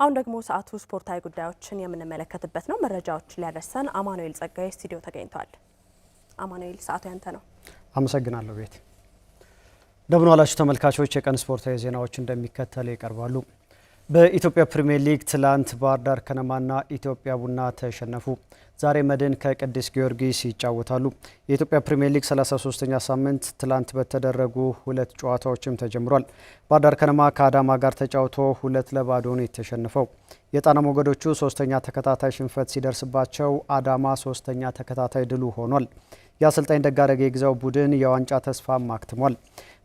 አሁን ደግሞ ሰዓቱ ስፖርታዊ ጉዳዮችን የምንመለከትበት ነው። መረጃዎች ሊያደርሰን አማኑኤል ጸጋዬ ስቱዲዮ ተገኝቷል። አማኑኤል ሰዓቱ ያንተ ነው። አመሰግናለሁ ቤት። እንደምን ዋላችሁ ተመልካቾች። የቀን ስፖርታዊ ዜናዎች እንደሚከተል ይቀርባሉ። በኢትዮጵያ ፕሪምየር ሊግ ትላንት ባህር ዳር ከነማና ኢትዮጵያ ቡና ተሸነፉ። ዛሬ መድን ከቅዱስ ጊዮርጊስ ይጫወታሉ። የኢትዮጵያ ፕሪምየር ሊግ 33ኛ ሳምንት ትላንት በተደረጉ ሁለት ጨዋታዎችም ተጀምሯል። ባህር ዳር ከነማ ከአዳማ ጋር ተጫውቶ ሁለት ለባዶ ነው የተሸነፈው። የጣና ሞገዶቹ ሶስተኛ ተከታታይ ሽንፈት ሲደርስባቸው፣ አዳማ ሶስተኛ ተከታታይ ድሉ ሆኗል። የአሰልጣኝ ደጋረገ ግዛው ቡድን የዋንጫ ተስፋም አክትሟል።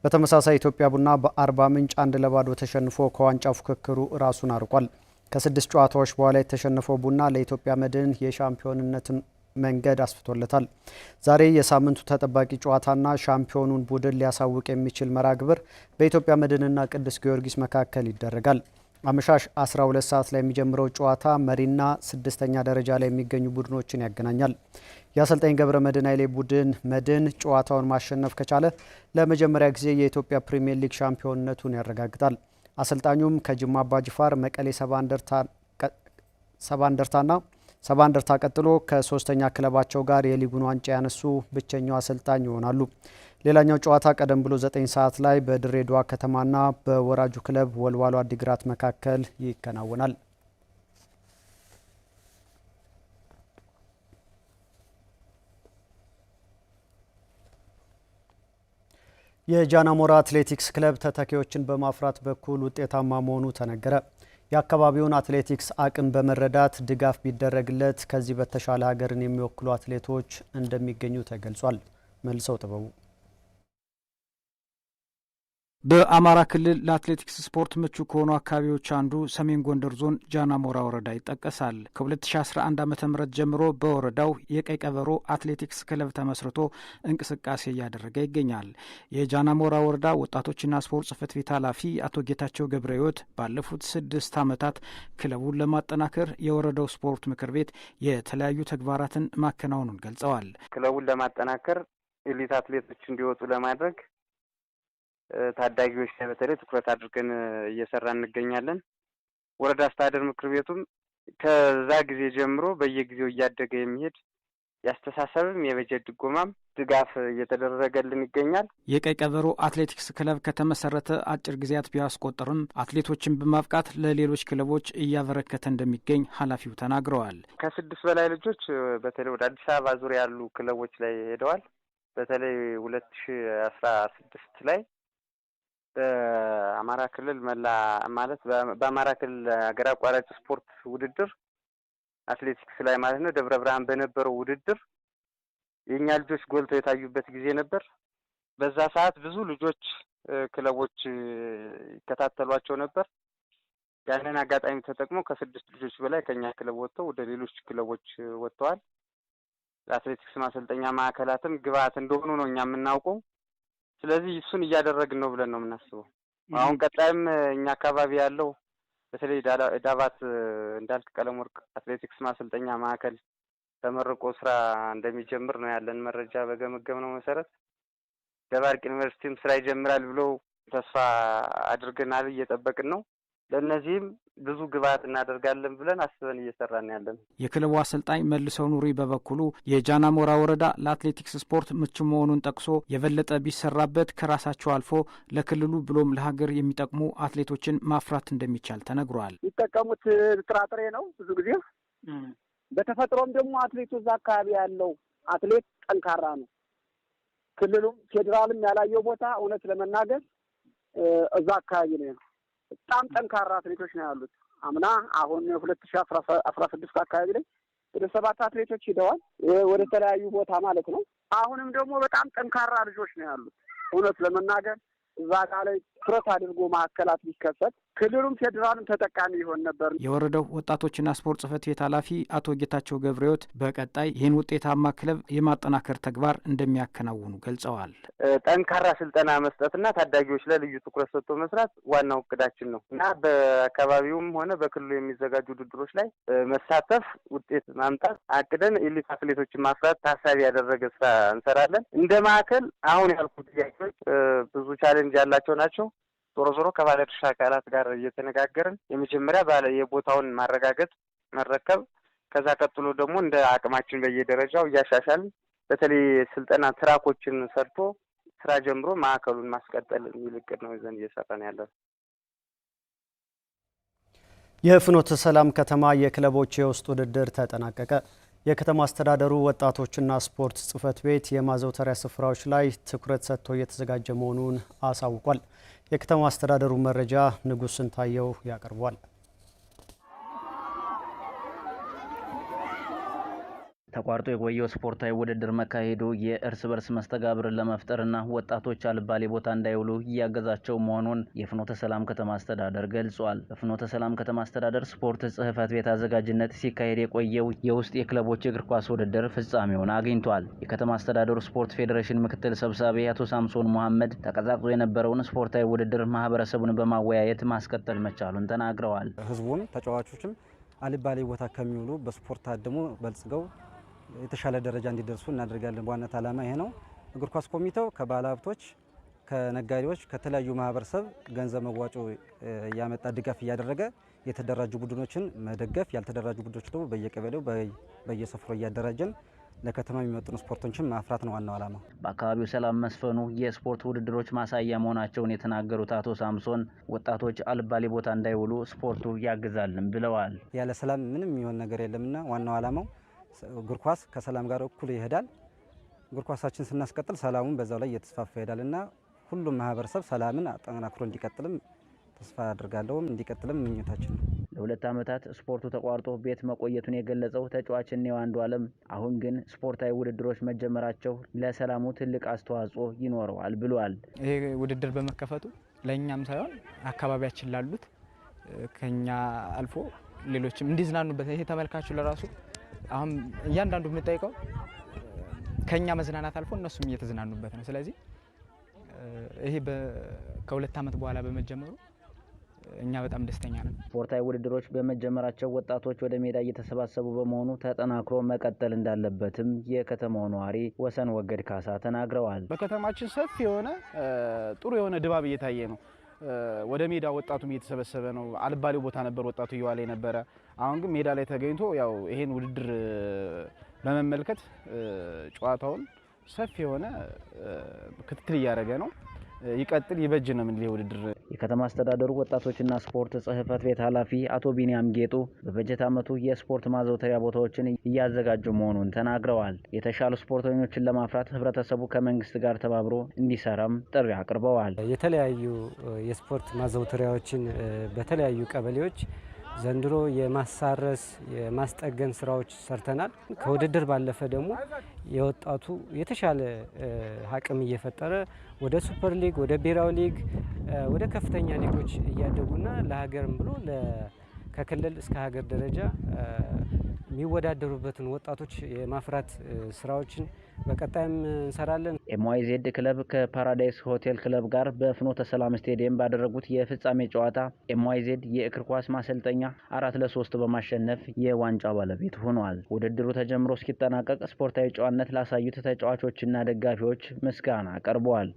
በተመሳሳይ ኢትዮጵያ ቡና በአርባ ምንጭ አንድ ለባዶ ተሸንፎ ከዋንጫ ፉክክሩ ራሱን አርቋል። ከስድስት ጨዋታዎች በኋላ የተሸነፈው ቡና ለኢትዮጵያ መድን የሻምፒዮንነትን መንገድ አስፍቶለታል። ዛሬ የሳምንቱ ተጠባቂ ጨዋታና ሻምፒዮኑን ቡድን ሊያሳውቅ የሚችል መራግብር በኢትዮጵያ መድንና ቅዱስ ጊዮርጊስ መካከል ይደረጋል። አመሻሽ 12 ሰዓት ላይ የሚጀምረው ጨዋታ መሪና ስድስተኛ ደረጃ ላይ የሚገኙ ቡድኖችን ያገናኛል። የአሰልጣኝ ገብረ መድን ኃይሌ ቡድን መድን ጨዋታውን ማሸነፍ ከቻለ ለመጀመሪያ ጊዜ የኢትዮጵያ ፕሪምየር ሊግ ሻምፒዮንነቱን ያረጋግጣል። አሰልጣኙም ከጅማ አባጅፋር፣ መቀሌ ሰባ እንደርታና ሰባ እንደርታ ቀጥሎ ከሶስተኛ ክለባቸው ጋር የሊጉን ዋንጫ ያነሱ ብቸኛው አሰልጣኝ ይሆናሉ። ሌላኛው ጨዋታ ቀደም ብሎ ዘጠኝ ሰዓት ላይ በድሬዳዋ ከተማና በወራጁ ክለብ ወልዋሎ አዲግራት መካከል ይከናወናል። የጃናሞራ አትሌቲክስ ክለብ ተተኪዎችን በማፍራት በኩል ውጤታማ መሆኑ ተነገረ። የአካባቢውን አትሌቲክስ አቅም በመረዳት ድጋፍ ቢደረግለት ከዚህ በተሻለ ሀገርን የሚወክሉ አትሌቶች እንደሚገኙ ተገልጿል። መልሰው ጥበቡ በአማራ ክልል ለአትሌቲክስ ስፖርት ምቹ ከሆኑ አካባቢዎች አንዱ ሰሜን ጎንደር ዞን ጃናሞራ ወረዳ ይጠቀሳል። ከ2011 ዓ ም ጀምሮ በወረዳው የቀይ ቀበሮ አትሌቲክስ ክለብ ተመስርቶ እንቅስቃሴ እያደረገ ይገኛል። የጃናሞራ ወረዳ ወጣቶችና ስፖርት ጽህፈት ቤት ኃላፊ አቶ ጌታቸው ገብረ ህይወት ባለፉት ስድስት ዓመታት ክለቡን ለማጠናከር የወረዳው ስፖርት ምክር ቤት የተለያዩ ተግባራትን ማከናወኑን ገልጸዋል። ክለቡን ለማጠናከር ኤሊት አትሌቶች እንዲወጡ ለማድረግ ታዳጊዎች ላይ በተለይ ትኩረት አድርገን እየሰራ እንገኛለን። ወረዳ አስተዳደር ምክር ቤቱም ከዛ ጊዜ ጀምሮ በየጊዜው እያደገ የሚሄድ ያስተሳሰብም የበጀት ድጎማም ድጋፍ እየተደረገልን ይገኛል። የቀይ ቀበሮ አትሌቲክስ ክለብ ከተመሰረተ አጭር ጊዜያት ቢያስቆጥርም አትሌቶችን በማብቃት ለሌሎች ክለቦች እያበረከተ እንደሚገኝ ኃላፊው ተናግረዋል። ከስድስት በላይ ልጆች በተለይ ወደ አዲስ አበባ ዙሪያ ያሉ ክለቦች ላይ ሄደዋል። በተለይ ሁለት ሺ አስራ ስድስት ላይ በአማራ ክልል መላ ማለት በአማራ ክልል ሀገር አቋራጭ ስፖርት ውድድር አትሌቲክስ ላይ ማለት ነው ደብረ ብርሃን በነበረው ውድድር የእኛ ልጆች ጎልተው የታዩበት ጊዜ ነበር። በዛ ሰዓት ብዙ ልጆች ክለቦች ይከታተሏቸው ነበር። ያንን አጋጣሚ ተጠቅሞ ከስድስት ልጆች በላይ ከኛ ክለብ ወጥተው ወደ ሌሎች ክለቦች ወጥተዋል። ለአትሌቲክስ ማሰልጠኛ ማዕከላትም ግብአት እንደሆኑ ነው እኛ የምናውቀው። ስለዚህ እሱን እያደረግን ነው ብለን ነው የምናስበው። አሁን ቀጣይም እኛ አካባቢ ያለው በተለይ ዳባት እንዳልክ ቀለም ወርቅ አትሌቲክስ ማሰልጠኛ ማዕከል ተመርቆ ስራ እንደሚጀምር ነው ያለን መረጃ። በገመገም ነው መሰረት ደባርቅ ዩኒቨርሲቲም ስራ ይጀምራል ብሎ ተስፋ አድርገናል፣ እየጠበቅን ነው። ለእነዚህም ብዙ ግብዓት እናደርጋለን ብለን አስበን እየሰራን ያለን። የክለቡ አሰልጣኝ መልሰው ኑሪ በበኩሉ የጃናሞራ ወረዳ ለአትሌቲክስ ስፖርት ምቹ መሆኑን ጠቅሶ የበለጠ ቢሰራበት ከራሳቸው አልፎ ለክልሉ ብሎም ለሀገር የሚጠቅሙ አትሌቶችን ማፍራት እንደሚቻል ተነግሯል። የሚጠቀሙት ጥራጥሬ ነው ብዙ ጊዜ። በተፈጥሮም ደግሞ አትሌቱ እዛ አካባቢ ያለው አትሌት ጠንካራ ነው። ክልሉም ፌዴራልም ያላየው ቦታ እውነት ለመናገር እዛ አካባቢ ነው በጣም ጠንካራ አትሌቶች ነው ያሉት። አምና አሁን ሁለት ሺ አስራ ስድስት አካባቢ ላይ ወደ ሰባት አትሌቶች ሂደዋል ወደ ተለያዩ ቦታ ማለት ነው። አሁንም ደግሞ በጣም ጠንካራ ልጆች ነው ያሉት። እውነት ለመናገር እዛ ጋ ላይ ትኩረት አድርጎ ማዕከላት ቢከፈት ክልሉም ፌዴራሉም ተጠቃሚ ይሆን ነበር። የወረዳው ወጣቶችና ስፖርት ጽህፈት ቤት ኃላፊ አቶ ጌታቸው ገብረሕይወት በቀጣይ ይህን ውጤታማ ክለብ የማጠናከር ተግባር እንደሚያከናውኑ ገልጸዋል። ጠንካራ ስልጠና መስጠትና ታዳጊዎች ላይ ልዩ ትኩረት ሰጥቶ መስራት ዋናው እቅዳችን ነው እና በአካባቢውም ሆነ በክልሉ የሚዘጋጁ ውድድሮች ላይ መሳተፍ ውጤት ማምጣት አቅደን ኤሊት አትሌቶችን ማፍራት ታሳቢ ያደረገ ስራ እንሰራለን። እንደ ማዕከል አሁን ያልኩ ጥያቄዎች ብዙ ቻሌንጅ ያላቸው ናቸው። ዞሮ ዞሮ ከባለድርሻ አካላት ጋር እየተነጋገርን የመጀመሪያ ባለ የቦታውን ማረጋገጥ መረከብ፣ ከዛ ቀጥሎ ደግሞ እንደ አቅማችን በየደረጃው እያሻሻልን በተለይ ስልጠና ትራኮችን ሰርቶ ስራ ጀምሮ ማዕከሉን ማስቀጠል የሚል እቅድ ነው ይዘን እየሰራን ያለን። የፍኖተ ሰላም ከተማ የክለቦች የውስጥ ውድድር ተጠናቀቀ። የከተማ አስተዳደሩ ወጣቶችና ስፖርት ጽህፈት ቤት የማዘውተሪያ ስፍራዎች ላይ ትኩረት ሰጥቶ እየተዘጋጀ መሆኑን አሳውቋል። የከተማው አስተዳደሩ መረጃ ንጉስ ስንታየው ያቀርቧል። ተቋርጦ የቆየው ስፖርታዊ ውድድር መካሄዱ የእርስ በርስ መስተጋብርን ለመፍጠርና ወጣቶች አልባሌ ቦታ እንዳይውሉ እያገዛቸው መሆኑን የፍኖተ ሰላም ከተማ አስተዳደር ገልጿል። በፍኖተ ሰላም ከተማ አስተዳደር ስፖርት ጽህፈት ቤት አዘጋጅነት ሲካሄድ የቆየው የውስጥ የክለቦች እግር ኳስ ውድድር ፍጻሜውን አግኝቷል። የከተማ አስተዳደሩ ስፖርት ፌዴሬሽን ምክትል ሰብሳቢ አቶ ሳምሶን መሐመድ ተቀዛቅዞ የነበረውን ስፖርታዊ ውድድር ማህበረሰቡን በማወያየት ማስቀጠል መቻሉን ተናግረዋል። ህዝቡን ተጫዋቾችም አልባሌ ቦታ ከሚውሉ በስፖርት ታድሞ በልጽገው የተሻለ ደረጃ እንዲደርሱ እናደርጋለን። በዋነት ዓላማ ይሄ ነው። እግር ኳስ ኮሚቴው ከባለ ሀብቶች፣ ከነጋዴዎች፣ ከተለያዩ ማህበረሰብ ገንዘብ መዋጮ ያመጣ ድጋፍ እያደረገ የተደራጁ ቡድኖችን መደገፍ፣ ያልተደራጁ ቡድኖች ደግሞ በየቀበሌው በየሰፍሮ እያደራጀን ለከተማ የሚመጥኑ ስፖርቶችን ማፍራት ነው ዋናው ዓላማ። በአካባቢው ሰላም መስፈኑ የስፖርት ውድድሮች ማሳያ መሆናቸውን የተናገሩት አቶ ሳምሶን ወጣቶች አልባሌ ቦታ እንዳይውሉ ስፖርቱ ያግዛልን ብለዋል። ያለ ሰላም ምንም የሚሆን ነገር የለምና ዋናው ዓላማው እግር ኳስ ከሰላም ጋር እኩል ይሄዳል። እግር ኳሳችን ስናስቀጥል ሰላሙን በዛው ላይ እየተስፋፋ ይሄዳል እና ሁሉም ማህበረሰብ ሰላምን አጠናክሮ እንዲቀጥልም ተስፋ አድርጋለሁም እንዲቀጥልም ምኞታችን ነው። ለሁለት ዓመታት ስፖርቱ ተቋርጦ ቤት መቆየቱን የገለጸው ተጫዋች እኔው አንዱ አለም አሁን ግን ስፖርታዊ ውድድሮች መጀመራቸው ለሰላሙ ትልቅ አስተዋጽኦ ይኖረዋል ብሏል። ይሄ ውድድር በመከፈቱ ለእኛም ሳይሆን አካባቢያችን ላሉት ከኛ አልፎ ሌሎችም እንዲዝናኑበት ይሄ ተመልካቹ ለራሱ አሁን እያንዳንዱ የምንጠይቀው ከኛ መዝናናት አልፎ እነሱም እየተዝናኑበት ነው። ስለዚህ ይሄ ከሁለት ዓመት በኋላ በመጀመሩ እኛ በጣም ደስተኛ ነን። ስፖርታዊ ውድድሮች በመጀመራቸው ወጣቶች ወደ ሜዳ እየተሰባሰቡ በመሆኑ ተጠናክሮ መቀጠል እንዳለበትም የከተማው ነዋሪ ወሰን ወገድ ካሳ ተናግረዋል። በከተማችን ሰፊ የሆነ ጥሩ የሆነ ድባብ እየታየ ነው። ወደ ሜዳ ወጣቱም እየተሰበሰበ ነው። አልባሌው ቦታ ነበር ወጣቱ እየዋለ የነበረ። አሁን ግን ሜዳ ላይ ተገኝቶ ያው ይሄን ውድድር በመመልከት ጨዋታውን ሰፊ የሆነ ክትትል እያደረገ ነው። ይቀጥል ይበጅ ነው የምንል ውድድር። የከተማ አስተዳደሩ ወጣቶችና ስፖርት ጽህፈት ቤት ኃላፊ አቶ ቢኒያም ጌጡ በበጀት ዓመቱ የስፖርት ማዘውተሪያ ቦታዎችን እያዘጋጁ መሆኑን ተናግረዋል። የተሻሉ ስፖርተኞችን ለማፍራት ህብረተሰቡ ከመንግስት ጋር ተባብሮ እንዲሰራም ጥሪ አቅርበዋል። የተለያዩ የስፖርት ማዘውተሪያዎችን በተለያዩ ቀበሌዎች ዘንድሮ የማሳረስ የማስጠገን ስራዎች ሰርተናል። ከውድድር ባለፈ ደግሞ የወጣቱ የተሻለ አቅም እየፈጠረ ወደ ሱፐር ሊግ፣ ወደ ብሔራዊ ሊግ፣ ወደ ከፍተኛ ሊጎች እያደጉና ለሀገርም ብሎ ከክልል እስከ ሀገር ደረጃ የሚወዳደሩበትን ወጣቶች የማፍራት ስራዎችን በቀጣይም እንሰራለን። ኤምዋይ ዜድ ክለብ ከፓራዳይስ ሆቴል ክለብ ጋር በፍኖተ ሰላም ስቴዲየም ባደረጉት የፍጻሜ ጨዋታ ኤምዋይ ዜድ የእግር ኳስ ማሰልጠኛ አራት ለሶስት በማሸነፍ የዋንጫ ባለቤት ሆኗል። ውድድሩ ተጀምሮ እስኪጠናቀቅ ስፖርታዊ ጨዋነት ላሳዩት ተጫዋቾችና ደጋፊዎች ምስጋና ቀርበዋል።